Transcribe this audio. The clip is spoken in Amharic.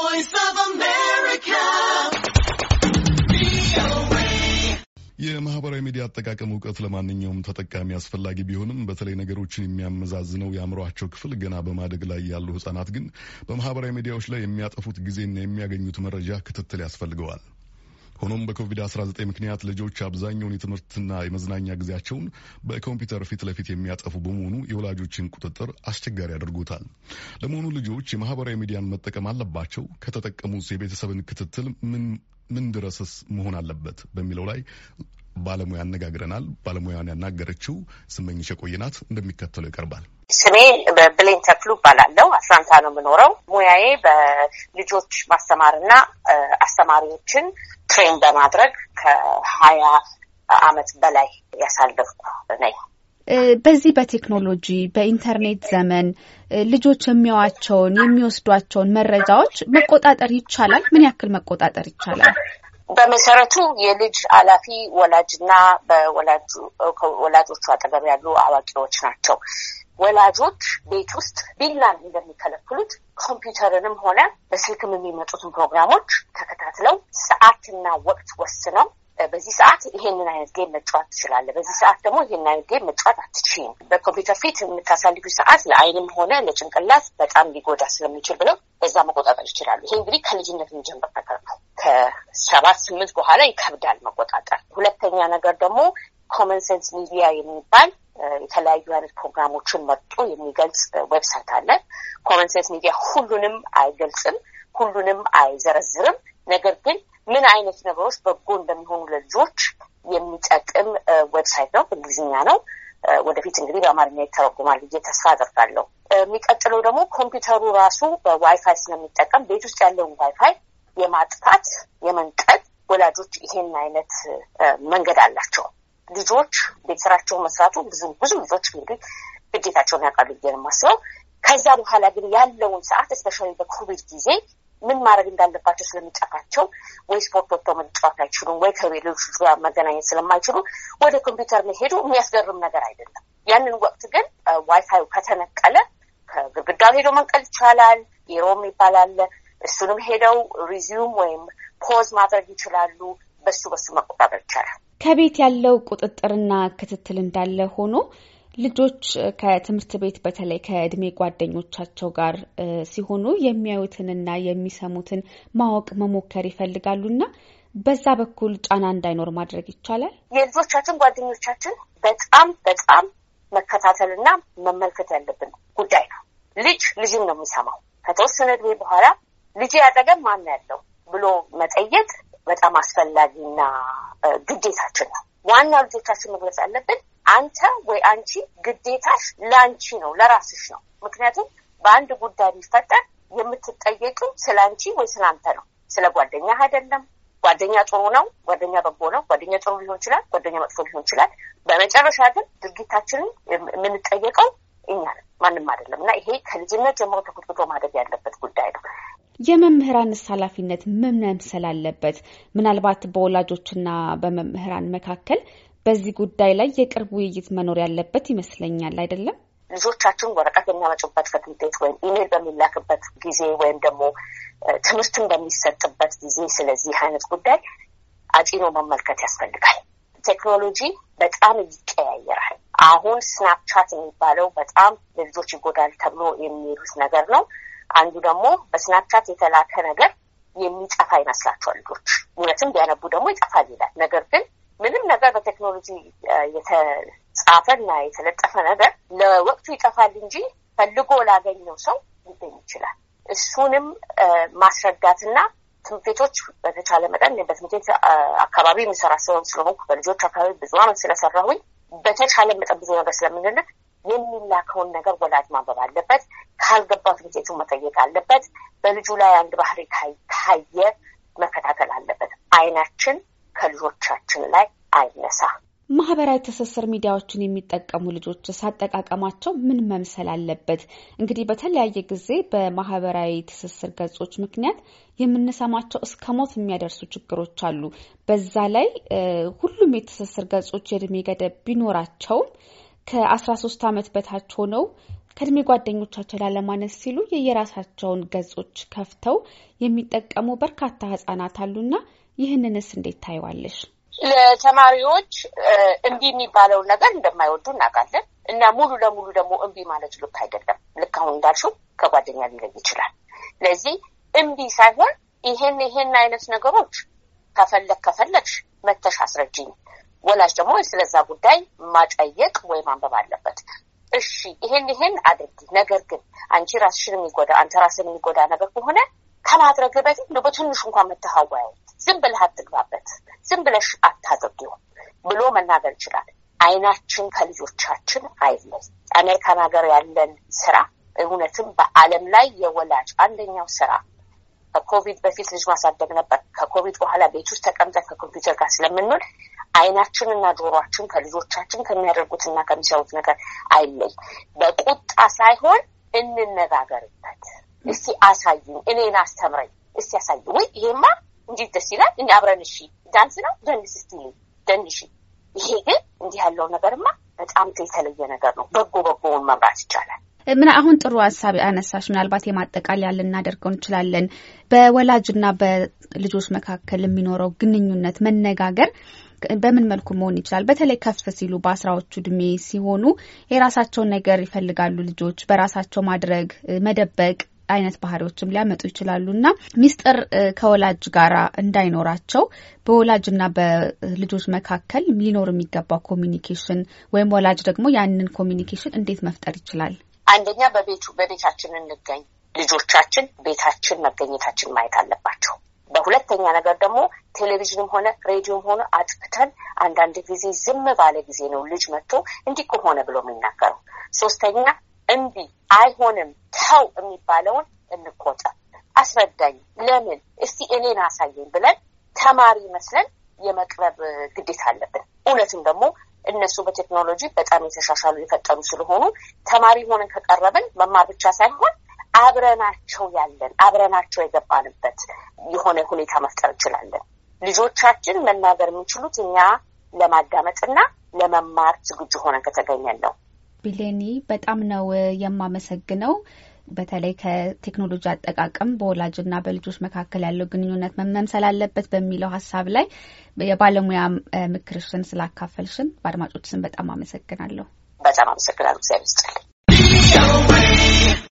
voice of America. የማህበራዊ ሚዲያ አጠቃቀም እውቀት ለማንኛውም ተጠቃሚ አስፈላጊ ቢሆንም በተለይ ነገሮችን የሚያመዛዝነው የአእምሯቸው ክፍል ገና በማደግ ላይ ያሉ ህጻናት ግን በማህበራዊ ሚዲያዎች ላይ የሚያጠፉት ጊዜና የሚያገኙት መረጃ ክትትል ያስፈልገዋል። ሆኖም በኮቪድ-19 ምክንያት ልጆች አብዛኛውን የትምህርትና የመዝናኛ ጊዜያቸውን በኮምፒውተር ፊት ለፊት የሚያጠፉ በመሆኑ የወላጆችን ቁጥጥር አስቸጋሪ አድርጎታል። ለመሆኑ ልጆች የማህበራዊ ሚዲያን መጠቀም አለባቸው? ከተጠቀሙስ የቤተሰብን ክትትል ምን ድረስስ መሆን አለበት በሚለው ላይ ባለሙያ አነጋግረናል። ባለሙያን ያናገረችው ስመኝሽ ቆይናት እንደሚከተለው ይቀርባል። ስሜ በብሌን ተክሉ እባላለሁ። አትላንታ ነው የምኖረው። ሙያዬ በልጆች ማስተማርና አስተማሪዎችን ትሬን በማድረግ ከሀያ አመት በላይ ያሳለፍኩ ነኝ። በዚህ በቴክኖሎጂ በኢንተርኔት ዘመን ልጆች የሚያዋቸውን የሚወስዷቸውን መረጃዎች መቆጣጠር ይቻላል? ምን ያክል መቆጣጠር ይቻላል? በመሰረቱ የልጅ አላፊ ወላጅና በወላጆቹ አጠገብ ያሉ አዋቂዎች ናቸው። ወላጆች ቤት ውስጥ ቢላን እንደሚከለክሉት ኮምፒውተርንም ሆነ በስልክም የሚመጡትን ፕሮግራሞች ተከታትለው ሰዓትና ወቅት ወስነው በዚህ ሰዓት ይሄንን አይነት ጌም መጫወት ትችላለ፣ በዚህ ሰዓት ደግሞ ይሄንን አይነት ጌም መጫወት አትችም። በኮምፒውተር ፊት የምታሳልፊ ሰዓት ለአይንም ሆነ ለጭንቅላት በጣም ሊጎዳ ስለሚችል ብለው በዛ መቆጣጠር ይችላሉ። ይሄ እንግዲህ ከልጅነት የሚጀምር ነገር ነው። ከሰባት ስምንት በኋላ ይከብዳል መቆጣጠር። ሁለተኛ ነገር ደግሞ ኮመን ሴንስ ሚዲያ የሚባል የተለያዩ አይነት ፕሮግራሞችን መርጦ የሚገልጽ ዌብሳይት አለ። ኮመን ሴንስ ሚዲያ ሁሉንም አይገልጽም፣ ሁሉንም አይዘረዝርም። ነገር ግን ምን አይነት ነገሮች በጎ እንደሚሆኑ ለልጆች የሚጠቅም ዌብሳይት ነው። እንግሊዝኛ ነው። ወደፊት እንግዲህ በአማርኛ ይተረጉማል ብዬ ተስፋ አደርጋለሁ። የሚቀጥለው ደግሞ ኮምፒውተሩ ራሱ በዋይፋይ ስለሚጠቀም ቤት ውስጥ ያለውን ዋይፋይ የማጥፋት የመንቀል ወላጆች ይሄን አይነት መንገድ አላቸው። ልጆች ቤት መስራቱ ብዙ ብዙ ልጆች እንግዲህ ግዴታቸውን ያውቃሉ ብዬ ነው የማስበው። ከዛ በኋላ ግን ያለውን ሰዓት እስፔሻሊ በኮቪድ ጊዜ ምን ማድረግ እንዳለባቸው ስለሚጠፋቸው ወይ ስፖርት ወጥቶ መጫወት አይችሉም፣ ወይ ከሌሎች ጋር መገናኘት ስለማይችሉ ወደ ኮምፒውተር መሄዱ የሚያስገርም ነገር አይደለም። ያንን ወቅት ግን ዋይፋዩ ከተነቀለ ከግድግዳው ሄዶ መንቀል ይቻላል። የሮም ይባላል እሱንም ሄደው ሪዚዩም ወይም ፖዝ ማድረግ ይችላሉ። በሱ በሱ መቆጣጠር ይቻላል። ከቤት ያለው ቁጥጥርና ክትትል እንዳለ ሆኖ ልጆች ከትምህርት ቤት በተለይ ከእድሜ ጓደኞቻቸው ጋር ሲሆኑ የሚያዩትንና የሚሰሙትን ማወቅ መሞከር ይፈልጋሉና በዛ በኩል ጫና እንዳይኖር ማድረግ ይቻላል። የልጆቻችን ጓደኞቻችን በጣም በጣም መከታተልና መመልከት ያለብን ጉዳይ ነው። ልጅ ልጅን ነው የሚሰማው። ከተወሰነ እድሜ በኋላ ልጄ አጠገብ ማን ያለው ብሎ መጠየቅ በጣም አስፈላጊና ግዴታችን ነው። ዋና ልጆቻችን መግለጽ ያለብን አንተ ወይ አንቺ ግዴታሽ ለአንቺ ነው፣ ለራስሽ ነው። ምክንያቱም በአንድ ጉዳይ ቢፈጠር የምትጠየቂው ስለ አንቺ ወይ ስለ አንተ ነው፣ ስለ ጓደኛ አይደለም። ጓደኛ ጥሩ ነው፣ ጓደኛ በጎ ነው፣ ጓደኛ ጥሩ ሊሆን ይችላል፣ ጓደኛ መጥፎ ሊሆን ይችላል። በመጨረሻ ግን ድርጊታችንን የምንጠየቀው እኛ ነን፣ ማንም አይደለም። እና ይሄ ከልጅነት ጀምሮ ተኮትኩቶ ማደግ ያለበት ጉዳይ ነው። የመምህራንስ ኃላፊነት ምን መምሰል አለበት? ምናልባት በወላጆችና በመምህራን መካከል በዚህ ጉዳይ ላይ የቅርብ ውይይት መኖር ያለበት ይመስለኛል። አይደለም? ልጆቻችን ወረቀት የሚያመጩበት ከትምህርት ቤት ወይም ኢሜል በሚላክበት ጊዜ ወይም ደግሞ ትምህርትን በሚሰጥበት ጊዜ ስለዚህ አይነት ጉዳይ አጢኖ መመልከት ያስፈልጋል። ቴክኖሎጂ በጣም ይቀያየራል። አሁን ስናፕቻት የሚባለው በጣም ለልጆች ይጎዳል ተብሎ የሚሉት ነገር ነው። አንዱ ደግሞ በስናፕቻት የተላከ ነገር የሚጠፋ ይመስላቸዋል ልጆች። እውነትም ቢያነቡ ደግሞ ይጠፋል ይላል። ነገር ግን ምንም ነገር በቴክኖሎጂ የተጻፈ የተጻፈና የተለጠፈ ነገር ለወቅቱ ይጠፋል እንጂ ፈልጎ ላገኘው ሰው ሊገኝ ይችላል። እሱንም ማስረዳትና ትምህርት ቤቶች በተቻለ መጠን በትምህርት ቤት አካባቢ የሚሰራ ስለሆንኩ በልጆች አካባቢ ብዙ አመት ስለሰራሁኝ በተቻለ መጠን ብዙ ነገር ስለምንልክ የሚላከውን ነገር ወላጅ ማንበብ አለበት። ካልገባት ልጅቱ መጠየቅ አለበት። በልጁ ላይ አንድ ባህሪ ካየ መከታተል አለበት። አይናችን ከልጆቻችን ላይ አይነሳ። ማህበራዊ ትስስር ሚዲያዎችን የሚጠቀሙ ልጆች ሳጠቃቀማቸው ምን መምሰል አለበት? እንግዲህ በተለያየ ጊዜ በማህበራዊ ትስስር ገጾች ምክንያት የምንሰማቸው እስከ ሞት የሚያደርሱ ችግሮች አሉ። በዛ ላይ ሁሉም የትስስር ገጾች የእድሜ ገደብ ቢኖራቸውም ከ13 ዓመት በታች ሆነው ከእድሜ ጓደኞቻቸው ላለማነስ ሲሉ የየራሳቸውን ገጾች ከፍተው የሚጠቀሙ በርካታ ህጻናት አሉና ይህንንስ እንዴት ታይዋለሽ? ለተማሪዎች እምቢ የሚባለውን ነገር እንደማይወዱ እናውቃለን እና ሙሉ ለሙሉ ደግሞ እምቢ ማለት ልክ አይደለም። ልክ አሁን እንዳልሽው ከጓደኛ ሊለይ ይችላል። ለዚህ እምቢ ሳይሆን ይሄን ይሄን አይነት ነገሮች ከፈለግ ከፈለግሽ መተሽ አስረጅኝ ወላጅ ደግሞ ስለዛ ጉዳይ ማጠየቅ ወይ ማንበብ አለበት። እሺ ይሄን ይሄን አድርጊ፣ ነገር ግን አንቺ ራስሽን የሚጎዳ አንተ ራስን የሚጎዳ ነገር ከሆነ ከማድረግ በፊት ነው በትንሹ እንኳን መተሃዋያ ዝም ብለህ አትግባበት፣ ዝም ብለሽ አታድርጊው ብሎ መናገር ይችላል። አይናችን ከልጆቻችን አይለይ። አሜሪካን ሀገር ያለን ስራ እውነትም በዓለም ላይ የወላጅ አንደኛው ስራ ከኮቪድ በፊት ልጅ ማሳደግ ነበር። ከኮቪድ በኋላ ቤት ውስጥ ተቀምጠን ከኮምፒውተር ጋር ስለምንውል አይናችን እና ጆሮችን ከልጆቻችን ከሚያደርጉትና ከሚሰሩት ነገር አይለይ። በቁጣ ሳይሆን እንነጋገርበት። እስቲ አሳዩኝ፣ እኔን አስተምረኝ፣ እስቲ አሳዩ። ወይ ይሄማ እንዴት ደስ ይላል! እኔ አብረን እሺ፣ ዳንስ ነው ደንስ፣ እስቲ ደንሽ። ይሄ ግን እንዲህ ያለው ነገርማ በጣም የተለየ ነገር ነው። በጎ በጎውን መምራት ይቻላል። ምን አሁን ጥሩ ሀሳብ አነሳሽ። ምናልባት የማጠቃለያ ልናደርገው እንችላለን። በወላጅና በልጆች መካከል የሚኖረው ግንኙነት መነጋገር በምን መልኩ መሆን ይችላል? በተለይ ከፍ ሲሉ በአስራዎቹ እድሜ ሲሆኑ የራሳቸውን ነገር ይፈልጋሉ ልጆች በራሳቸው ማድረግ መደበቅ አይነት ባህሪዎችም ሊያመጡ ይችላሉ እና ሚስጥር ከወላጅ ጋር እንዳይኖራቸው በወላጅና በልጆች መካከል ሊኖር የሚገባው ኮሚኒኬሽን ወይም ወላጅ ደግሞ ያንን ኮሚኒኬሽን እንዴት መፍጠር ይችላል? አንደኛ በቤቱ በቤታችን እንገኝ። ልጆቻችን ቤታችን መገኘታችን ማየት አለባቸው። በሁለተኛ ነገር ደግሞ ቴሌቪዥንም ሆነ ሬዲዮም ሆነ አጥፍተን አንዳንድ ጊዜ ዝም ባለ ጊዜ ነው ልጅ መጥቶ እንዲህ ከሆነ ብሎ የሚናገረው። ሶስተኛ እምቢ፣ አይሆንም፣ ተው የሚባለውን እንቆጠ አስረዳኝ፣ ለምን እስቲ እኔን አሳየኝ ብለን ተማሪ መስለን የመቅረብ ግዴታ አለብን። እውነትም ደግሞ እነሱ በቴክኖሎጂ በጣም የተሻሻሉ የፈጠኑ ስለሆኑ ተማሪ ሆነን ከቀረብን መማር ብቻ ሳይሆን አብረናቸው ያለን አብረናቸው የገባንበት የሆነ ሁኔታ መፍጠር እንችላለን። ልጆቻችን መናገር የሚችሉት እኛ ለማዳመጥና ለመማር ዝግጁ ሆነን ከተገኘን ነው። ቢሌኒ በጣም ነው የማመሰግነው። በተለይ ከቴክኖሎጂ አጠቃቀም በወላጅና በልጆች መካከል ያለው ግንኙነት መመምሰል አለበት በሚለው ሀሳብ ላይ የባለሙያ ምክርሽን ስላካፈልሽን በአድማጮች ስም በጣም አመሰግናለሁ። በጣም አመሰግናለሁ። እግዚአብሔር ይስጥልኝ።